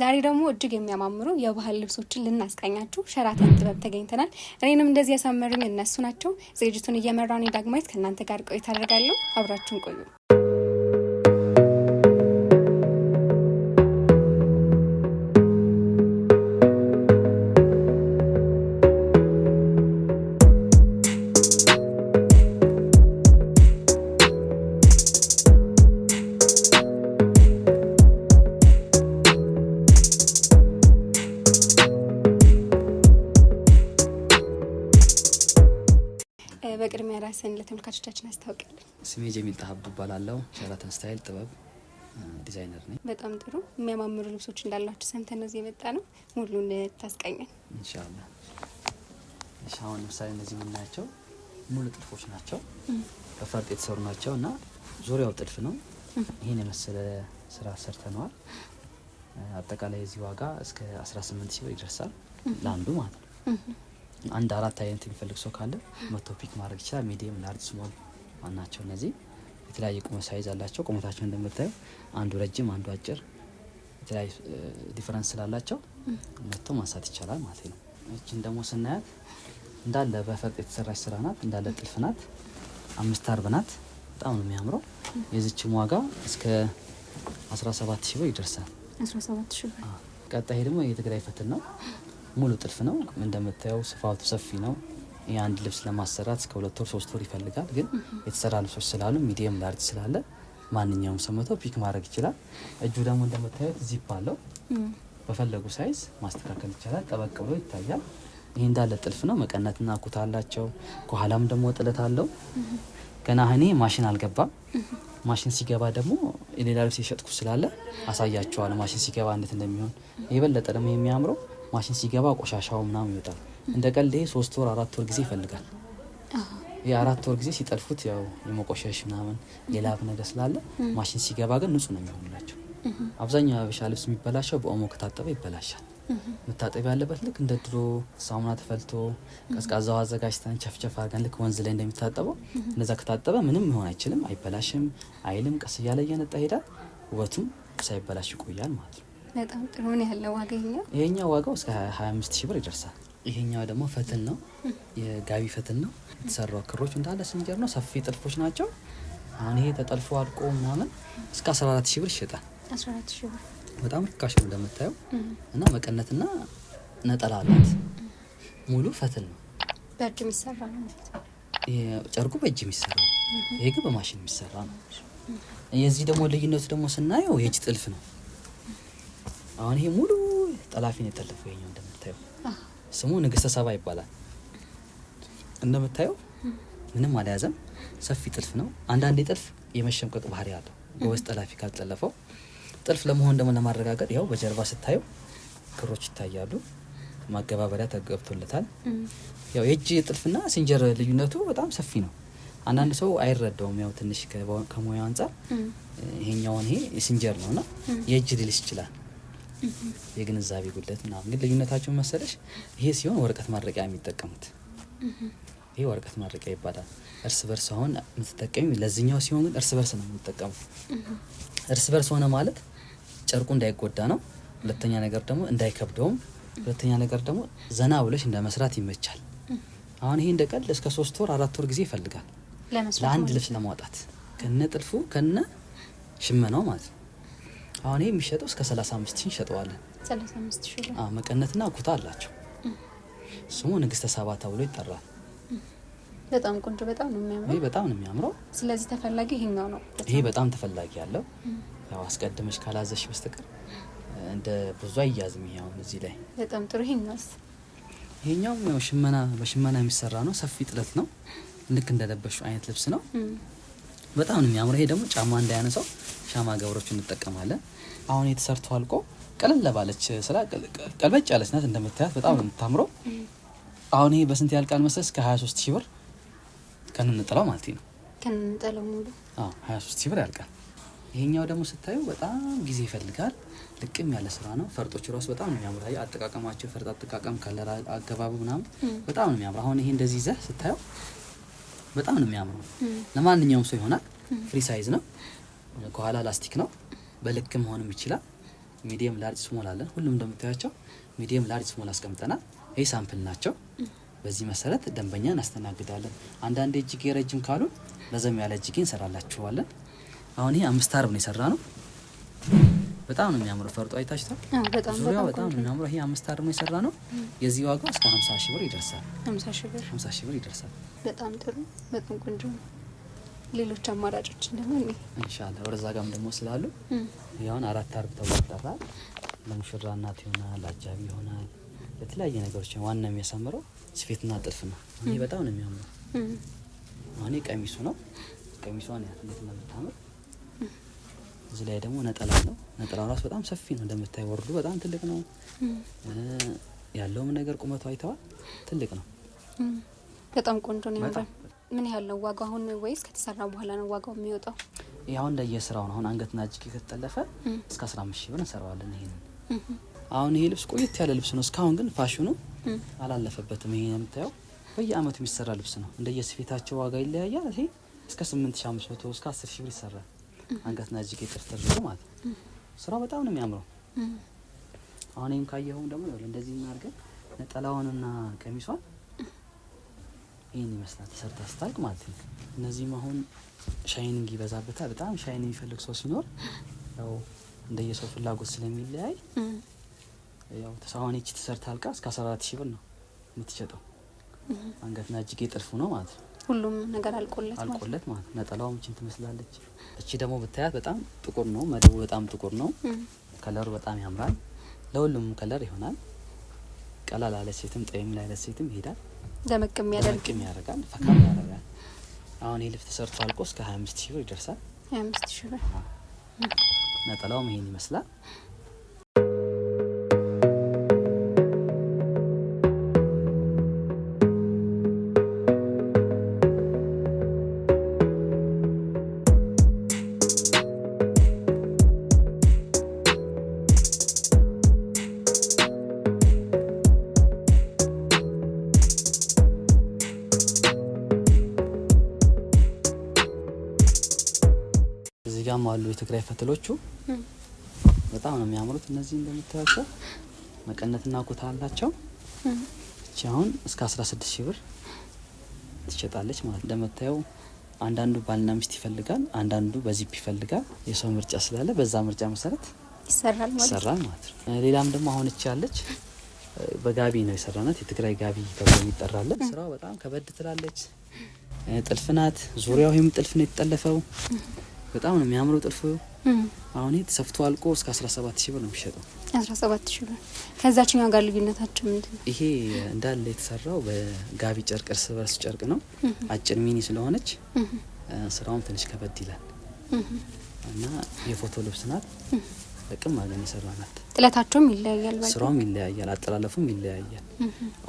ዛሬ ደግሞ እጅግ የሚያማምሩ የባህል ልብሶችን ልናስቀኛችሁ ሸራተን ጥበብ ተገኝተናል። እኔንም እንደዚህ ያሳመሩኝ እነሱ ናቸው። ዝግጅቱን እየመራን ዳግማዊት ከእናንተ ጋር ቆይታ አደርጋለሁ። አብራችሁን ቆዩ። ለተመልካቾቻችን አስታውቂያለሁ። ስሜ ጀሚል ጣሀቡ እባላለሁ። ሸራተን ስታይል ጥበብ ዲዛይነር ነኝ። በጣም ጥሩ የሚያማምሩ ልብሶች እንዳላችሁ ሰምተን እዚህ የመጣ ነው። ሙሉን ታስቀኘን እንሻላ። እሺ፣ አሁን ለምሳሌ እነዚህ የምናያቸው ሙሉ ጥልፎች ናቸው። በፈርጥ የተሰሩ ናቸው እና ዙሪያው ጥልፍ ነው። ይህን የመሰለ ስራ ሰርተነዋል። አጠቃላይ የዚህ ዋጋ እስከ 18 ሺህ ብር ይደርሳል ለአንዱ ማለት ነው። አንድ አራት አይነት የሚፈልግ ሰው ካለ መቶ ፒክ ማድረግ ይችላል። ሚዲየም፣ ላርጅ፣ ስሞል ዋናቸው እነዚህ የተለያየ ቁመት ሳይዝ አላቸው። ቁመታቸው እንደምታዩ አንዱ ረጅም አንዱ አጭር የተለያዩ ዲፈረንስ ስላላቸው መጥቶ ማንሳት ይቻላል ማለት ነው። እችን ደግሞ ስናያት እንዳለ በፈርጥ የተሰራች ስራ ናት። እንዳለ ጥልፍ ናት። አምስት አርብ ናት። በጣም ነው የሚያምረው። የዚችም ዋጋ እስከ 17 ሺ ብር ይደርሳል። ቀጣይ ደግሞ የትግራይ ፈትል ነው። ሙሉ ጥልፍ ነው እንደምታየው፣ ስፋቱ ሰፊ ነው። የአንድ ልብስ ለማሰራት እስከ ሁለት ወር ሶስት ወር ይፈልጋል። ግን የተሰራ ልብሶች ስላሉ ሚዲየም ላርጅ ስላለ ማንኛውም ሰው ፒክ ማድረግ ይችላል። እጁ ደግሞ እንደምታዩት ዚፕ አለው። በፈለጉ ሳይዝ ማስተካከል ይቻላል። ጠበቅ ብሎ ይታያል። ይህ እንዳለ ጥልፍ ነው። መቀነትና ኩታ አላቸው። ከኋላም ደግሞ ጥለት አለው። ገና እኔ ማሽን አልገባም። ማሽን ሲገባ ደግሞ የሌላ ልብስ የሸጥኩ ስላለ አሳያቸዋል። ማሽን ሲገባ እንዴት እንደሚሆን የበለጠ ደግሞ የሚያምረው ማሽን ሲገባ ቆሻሻው ምናምን ይወጣል። እንደ ቀልድ ይሄ ሶስት ወር አራት ወር ጊዜ ይፈልጋል። የአራት ወር ጊዜ ሲጠልፉት ያው የመቆሸሽ ምናምን ሌላ ነገር ስላለ ማሽን ሲገባ ግን ንጹህ ነው የሚሆኑላቸው። አብዛኛው ሀበሻ ልብስ የሚበላሸው በኦሞ ከታጠበ ይበላሻል። መታጠብ ያለበት ልክ እንደ ድሮ ሳሙና ተፈልቶ ቀዝቃዛው አዘጋጅተን ቸፍቸፍ አድርገን ልክ ወንዝ ላይ እንደሚታጠበው እንደዛ ከታጠበ ምንም ሆን አይችልም፣ አይበላሽም፣ አይልም። ቀስ እያለ እየነጣ ይሄዳል። ውበቱም ሳይበላሽ ይቆያል ማለት ነው። በጣም ጥሩ ነው ዋጋ። ይሄኛው ዋጋው እስከ 25 ሺህ ብር ይደርሳል። ይሄኛው ደግሞ ፈትል ነው፣ የጋቢ ፈትል ነው የተሰራው። ክሮች እንዳለ ስንጀር ነው፣ ሰፊ ጥልፎች ናቸው። አሁን ይሄ ተጠልፎ አልቆ ምናምን እስከ 14 ሺህ ብር ይሸጣል። 14 ሺህ ብር በጣም ርካሽ ነው እንደምታየው። እና መቀነትና ነጠላ አላት። ሙሉ ፈትል ነው፣ በእጅ የሚሰራ ነው። ጨርቁ በእጅ የሚሰራ ነው። ይሄ ግን በማሽን የሚሰራ ነው። የዚህ ደግሞ ልዩነቱ ደግሞ ስናየው የእጅ ጥልፍ ነው። አሁን ይሄ ሙሉ ጠላፊ የጠለፈው። ይሄኛው እንደምታየው ስሙ ንግስተ ሰባ ይባላል። እንደምታየው ምንም አልያዘም። ሰፊ ጥልፍ ነው። አንዳንዴ ጥልፍ የመሸምቀቅ ባህሪ አለው። ጎበዝ ጠላፊ ካልጠለፈው ጥልፍ ለመሆን ደግሞ ለማረጋገጥ ያው በጀርባ ስታየው ክሮች ይታያሉ። ማገባበሪያ ተገብቶለታል። ያው የእጅ ጥልፍና ሲንጀር ልዩነቱ በጣም ሰፊ ነው። አንዳንድ ሰው አይረዳውም። ያው ትንሽ ከሙያው አንጻር ይሄኛውን ይሄ ሲንጀር ነውና የእጅ ሊልስ ይችላል የግንዛቤ ጉድለት ምናምን። ግን ልዩነታቸውን መሰለሽ ይሄ ሲሆን ወረቀት ማድረቂያ የሚጠቀሙት ይሄ ወረቀት ማድረቂያ ይባላል። እርስ በርስ አሁን የምትጠቀሚ ለዚኛው ሲሆን ግን እርስ በርስ ነው የሚጠቀሙ እርስ በርስ ሆነ ማለት ጨርቁ እንዳይጎዳ ነው። ሁለተኛ ነገር ደግሞ እንዳይከብደውም፣ ሁለተኛ ነገር ደግሞ ዘና ብለሽ እንደ መስራት ይመቻል። አሁን ይሄ እንደ ቀልድ እስከ ሶስት ወር አራት ወር ጊዜ ይፈልጋል ለአንድ ልብስ ለማውጣት ከነ ጥልፉ ከነ ሽመናው ማለት ነው። አሁን ይሄ የሚሸጠው እስከ 35 ሺህ እንሸጠዋለን። 35 ሺህ ብር። አዎ መቀነትና ኩታ አላቸው። ስሙ ንግስተ ሳባ ተብሎ ይጠራል። በጣም ቆንጆ፣ በጣም ነው የሚያምረው። ይሄ በጣም ነው የሚያምረው። ስለዚህ ተፈላጊ ይሄኛው ነው። ይሄ በጣም ተፈላጊ ያለው ያው አስቀድመሽ ካላዘሽ በስተቀር እንደ ብዙ አያዝም። ይሄው አሁን እዚህ ላይ በጣም ጥሩ። ይሄኛውስ? ይሄኛው ሽመና በሽመና የሚሰራ ነው። ሰፊ ጥለት ነው። ልክ እንደለበሽው አይነት ልብስ ነው። በጣም ነው የሚያምረው። ይሄ ደግሞ ጫማ እንዳያነሳው ሻማ ገብሮች እንጠቀማለን። አሁን የተሰርቶ አልቆ ቀለል ባለች ስራ ቀልበጭ ያለች ናት እንደምታያት በጣም ነው የምታምረው። አሁን ይሄ በስንት ያልቃል መሰለሽ? ከ23 ሺህ ብር ከነነጠላው ማለት ነው። ከነነጠላው ሙሉ 23 ሺህ ብር ያልቃል። ይሄኛው ደግሞ ስታዩ በጣም ጊዜ ይፈልጋል። ልቅም ያለ ስራ ነው። ፈርጦች ራሱ በጣም ነው የሚያምሩ። አይ አጠቃቀማቸው ፈርጥ አጠቃቀም፣ ከለር አገባቡ ምናምን በጣም ነው የሚያምሩ። አሁን ይሄ እንደዚህ ይዘህ ስታየው በጣም ነው የሚያምረው። ለማንኛውም ሰው ይሆናል። ፍሪ ሳይዝ ነው። ከኋላ ላስቲክ ነው። በልክ መሆንም ይችላል። ሚዲየም ላርጅ ስሞል አለን። ሁሉም እንደምታያቸው ሚዲየም ላርጅ ስሞል አስቀምጠናል። ይህ ሳምፕል ናቸው። በዚህ መሰረት ደንበኛ እናስተናግዳለን። አንዳንዴ እጅጌ ረጅም ካሉ ረዘም ያለ እጅጌ እንሰራላችኋለን። አሁን ይሄ አምስት አርብ ነው የሰራ ነው። በጣም ነው የሚያምረው። ፈርጦ አይታችታል። ዙሪያ በጣም ነው የሚያምረው። ይሄ አምስት አርሞ የሰራ ነው። የዚህ ዋጋ እስከ ሀምሳ ሺህ ብር ይደርሳል። ሀምሳ ሺህ ብር ይደርሳል። በጣም ጥሩ፣ በጣም ቆንጆ ነው። ሌሎች አማራጮች ደግሞ እንሻላ ወደዛ ጋም ደግሞ ስላሉ ያሁን አራት አርብ ተብሎ ይጠራል። ለሙሽራ እናት ይሆናል፣ አጃቢ ይሆናል፣ ለተለያየ ነገሮች ዋና የሚያሳምረው ስፌትና ጥልፍ ነው። እኔ በጣም ነው የሚያምረው። እኔ ቀሚሱ ነው ቀሚሷን ያት እንዴት እንደምታምር እዚህ ላይ ደግሞ ነጠላ ነው። ነጠላው ራሱ በጣም ሰፊ ነው እንደምታይ፣ ወርዱ በጣም ትልቅ ነው። ያለውም ነገር ቁመቱ አይተዋል፣ ትልቅ ነው። በጣም ቆንጆ ነው። ምን ያህል ነው ዋጋው አሁን? ወይስ ከተሰራ በኋላ ነው ዋጋው የሚወጣው? አሁን እንደየስራው ነው። አሁን አንገትና እጅጌ ከተጠለፈ እስከ 15 ሺህ ብር እንሰራዋለን። ይሄን አሁን ይሄ ልብስ ቆየት ያለ ልብስ ነው። እስካሁን ግን ፋሽኑ አላለፈበትም። ይሄ የምታየው በየአመቱ የሚሰራ ልብስ ነው። እንደየስፌታቸው ዋጋ ይለያያል። ይሄ እስከ 8500 እስከ 10000 ብር ይሰራል። አንገትና እጅጌ ጥፍጥር ነው ማለት ነው። ስራው በጣም ነው የሚያምረው። አሁን ይሄም ካየኸውም ደግሞ እንደዚህ እናድርገን ነጠላውንና ቀሚሷን ይህን ይመስላል ተሰርታ ስታልቅ ማለት ነው። እነዚህም አሁን ሻይኒንግ ይበዛበታል። በጣም ሻይን የሚፈልግ ሰው ሲኖር ያው እንደየሰው ፍላጎት ስለሚለያይ ያው ተሳሁን ይቺ ተሰርታ አልቃ እስከ አስራ አራት ሺህ ብር ነው የምትሸጠው። አንገትና እጅጌ ጥልፉ ነው ማለት ነው። ሁሉም ነገር አልቆለት አልቆለት ማለት ነጠላው ምችን ትመስላለች። እቺ ደግሞ ብታያት በጣም ጥቁር ነው፣ መደቡ በጣም ጥቁር ነው። ከለሩ በጣም ያምራል። ለሁሉም ከለር ይሆናል። ቀላል አለ ሴትም ጠይም ያለ ሴትም ይሄዳል። ደመቅ የሚያደርግ ያደርጋል፣ ፈካም ያደርጋል። አሁን ይህ ልብስ ተሰርቶ አልቆ እስከ 25 ሺህ ብር ይደርሳል። 25 ሺህ ብር ነጠላውም ይሄን ይመስላል። በጣም አሉ የትግራይ ፈትሎቹ በጣም ነው የሚያምሩት። እነዚህ እንደምታያቸው መቀነትና ኩታ አላቸው። እቺ አሁን እስከ 16 ሺህ ብር ትሸጣለች ማለት እንደምታየው። አንዳንዱ ባልና ሚስት ይፈልጋል፣ አንዳንዱ በዚፕ ይፈልጋል። የሰው ምርጫ ስላለ በዛ ምርጫ መሰረት ይሰራል ማለት ነው። ሌላም ደግሞ አሁን እቺ ያለች በጋቢ ነው የሰራናት። የትግራይ ጋቢ ተብሎ ይጠራለን። ስራው በጣም ከበድ ትላለች። ጥልፍናት ዙሪያው ይህም ጥልፍ ነው የተጠለፈው። በጣም ነው የሚያምረው ጥልፍ። አሁን ተሰፍቶ አልቆ እስከ ሺህ ብር ነው የሚሸጠው። ሺህ ብር። ከዛችኛው ጋር ልዩነታቸው ምንድነው? ይሄ እንዳለ የተሰራው በጋቢ ጨርቅ፣ እርስ በርስ ጨርቅ ነው። አጭር ሚኒ ስለሆነች ስራውም ትንሽ ከበድ ይላል እና የፎቶ ልብስ ናት። ጥቅም አለን የሰራናት። ጥለታቸውም ይለያያል፣ ስራውም ይለያያል፣ አጠላለፉም ይለያያል።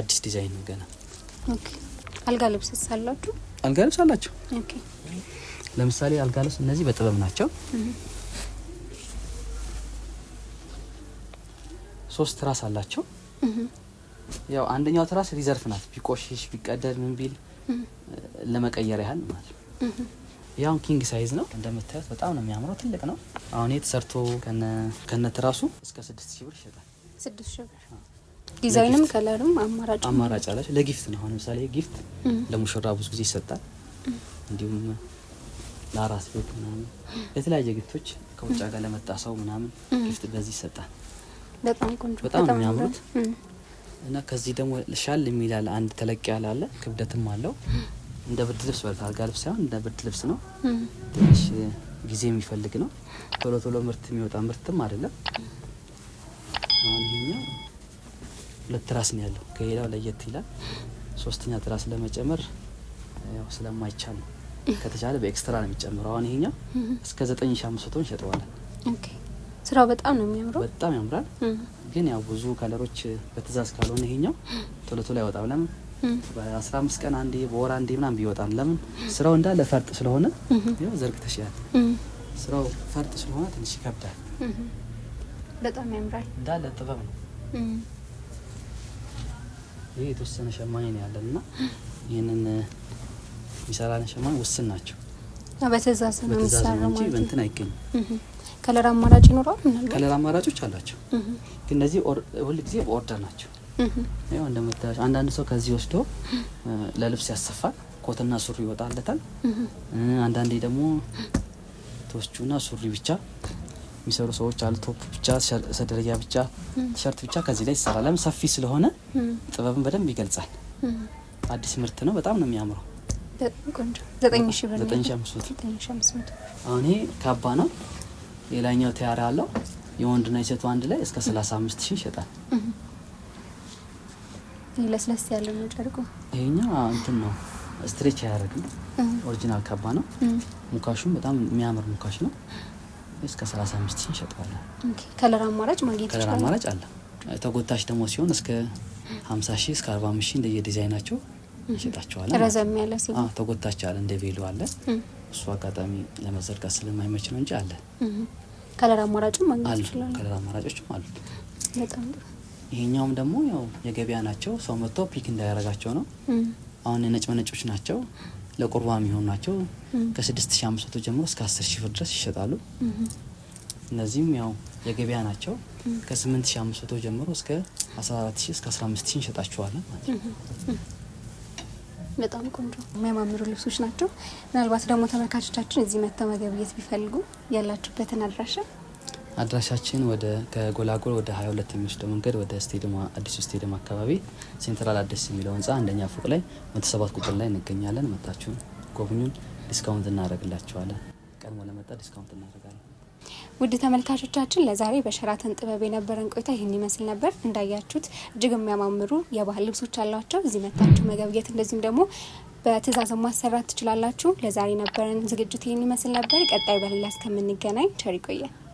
አዲስ ዲዛይን ነው ገና። ኦኬ። አልጋ ልብስ አላችሁ? አልጋ ልብስ አላችሁ። ኦኬ ለምሳሌ አልጋለስ እነዚህ በጥበብ ናቸው። ሶስት ትራስ አላቸው። ያው አንደኛው ትራስ ሪዘርቭ ናት፣ ቢቆሽሽ ቢቀደድ ምን ቢል ለመቀየር ያህል ማለት ነው። ያው ኪንግ ሳይዝ ነው እንደምታዩት፣ በጣም ነው የሚያምረው፣ ትልቅ ነው። አሁን ይሄ ተሰርቶ ከነ ትራሱ እስከ ስድስት ሺህ ብር ይሸጣል። ስድስት ሺህ ብር ዲዛይንም ከለርም አማራጭ አማራጭ አላቸው። ለጊፍት ነው። አሁን ለምሳሌ ጊፍት ለሙሽራ ብዙ ጊዜ ይሰጣል። እንዲሁም ለአራስ ቤት ምናምን ለተለያየ ግቶች ከውጭ ሀገር ለመጣ ሰው ምናምን ግፍት በዚህ ይሰጣል። በጣም ቆንጆ፣ በጣም ነው የሚያምሩት። እና ከዚህ ደግሞ ሻል የሚላል አንድ ተለቅ ያለ አለ፣ ክብደትም አለው እንደ ብርድ ልብስ በልት አልጋ ልብስ ሳይሆን እንደ ብርድ ልብስ ነው። ትንሽ ጊዜ የሚፈልግ ነው። ቶሎ ቶሎ ምርት የሚወጣ ምርትም አይደለም። አሁን ይሄኛው ሁለት ትራስ ነው ያለው። ከሌላው ለየት ይላል። ሶስተኛ ትራስ ለመጨመር ያው ስለማይቻል ነው ከተቻለ በኤክስትራ ነው የሚጨምረው። አሁን ይሄኛው እስከ ዘጠኝ ሺ አምስት መቶ እንሸጠዋለን። ስራው በጣም ነው የሚያምረው፣ በጣም ያምራል። ግን ያው ብዙ ከለሮች በትእዛዝ ካልሆነ ይሄኛው ቶሎ ቶሎ አይወጣም። ለምን በአስራ አምስት ቀን አንዴ በወር አንዴ ምናም ቢወጣም ለምን ስራው እንዳለ ፈርጥ ስለሆነ ያው ዘርግተሽ ስራው ፈርጥ ስለሆነ ትንሽ ይከብዳል። በጣም ያምራል። እንዳለ ጥበብ ነው። ይህ የተወሰነ ሸማኔ ነው ያለን እና ይህንን የሚሰራን ሸማ ውስን ናቸው። በትእዛዝ ነው የሚሰራው እንጂ እንትን አይገኝም። ከለር አማራጭ ይኖረዋል። ከለር አማራጮች አላቸው፣ ግን እነዚህ ሁልጊዜ በኦርደር ናቸው። ያው እንደምታያቸው አንዳንድ ሰው ከዚህ ወስዶ ለልብስ ያሰፋል። ኮትና ሱሪ ይወጣለታል። አንዳንዴ ደግሞ ቶቹና ሱሪ ብቻ የሚሰሩ ሰዎች አሉ። ቶፕ ብቻ፣ ሰደረጃ ብቻ፣ ቲሸርት ብቻ ከዚህ ላይ ይሰራል። ለምን ሰፊ ስለሆነ ጥበብን በደንብ ይገልጻል። አዲስ ምርት ነው። በጣም ነው የሚያምረው። ዘጠኝ ካባ ነው። ሌላኛው ተያራ አለው የወንድና የሴቱ አንድ ላይ እስከ ሰላሳ አምስት ሺህ ይሸጣል። ለስለስ ያለ ነው ጨርቁ። ይሄኛው እንትን ነው ስትሬች ያደረግ ነው። ኦሪጂናል ካባ ነው። ሙካሹም በጣም የሚያምር ሙካሽ ነው። እስከ ሰላሳ አምስት ሺህ ይሸጠዋለን። ከለር አማራጭ ማግኘት ከለር አማራጭ አለ። ተጎታሽ ደግሞ ሲሆን እስከ ሀምሳ ሺህ እስከ አርባ አምስት ሺህ እንደየዲዛይናቸው እንሰጣቸዋለን። ረዘም ያለ ተጎታችኋል እንደ ቬሎ አለ። እሱ አጋጣሚ ለመዘርጋት ስለማይመች ነው እንጂ አለ። ከለር አማራጭም ማግኘት ይችላል። ከለር አማራጮችም አሉት። ይሄኛውም ደግሞ ያው የገበያ ናቸው። ሰው መጥቶ ፒክ እንዳያረጋቸው ነው። አሁን የነጭ መነጮች ናቸው። ለቁርባ የሚሆኑ ናቸው። ከስድስት ሺ አምስት መቶ ጀምሮ እስከ አስር ሺ ብር ድረስ ይሸጣሉ። እነዚህም ያው የገበያ ናቸው። ከስምንት ሺ አምስት መቶ ጀምሮ እስከ አስራ አራት ሺ እስከ አስራ አምስት ሺ እንሸጣቸዋለን ማለት ነው። በጣም ቆንጆ የሚያማምሩ ልብሶች ናቸው። ምናልባት ደግሞ ተመልካቾቻችን እዚህ መጥተው መገብየት ቢፈልጉ ያላችሁበትን አድራሻ አድራሻችን ወደ ከጎላጎል ወደ 22 የሚወስደው መንገድ ወደ ስቴዲየም አዲሱ ስቴዲየም አካባቢ ሴንትራል አዲስ የሚለው ህንፃ አንደኛ ፎቅ ላይ መተሰባት ቁጥር ላይ እንገኛለን። መታችሁን ጎብኙን። ዲስካውንት እናደርግላችኋለን። ቀድሞ ለመጣ ዲስካውንት እናደርጋለን። ውድ ተመልካቾቻችን ለዛሬ በሸራተን ጥበብ የነበረን ቆይታ ይህን ይመስል ነበር። እንዳያችሁት እጅግ የሚያማምሩ የባህል ልብሶች አሏቸው። እዚህ መታችሁ መገብየት እንደዚሁም ደግሞ በትእዛዝ ማሰራት ትችላላችሁ። ለዛሬ ነበረን ዝግጅት ይህን ይመስል ነበር። ቀጣይ በሌላ እስከምንገናኝ ቸር ይቆየን።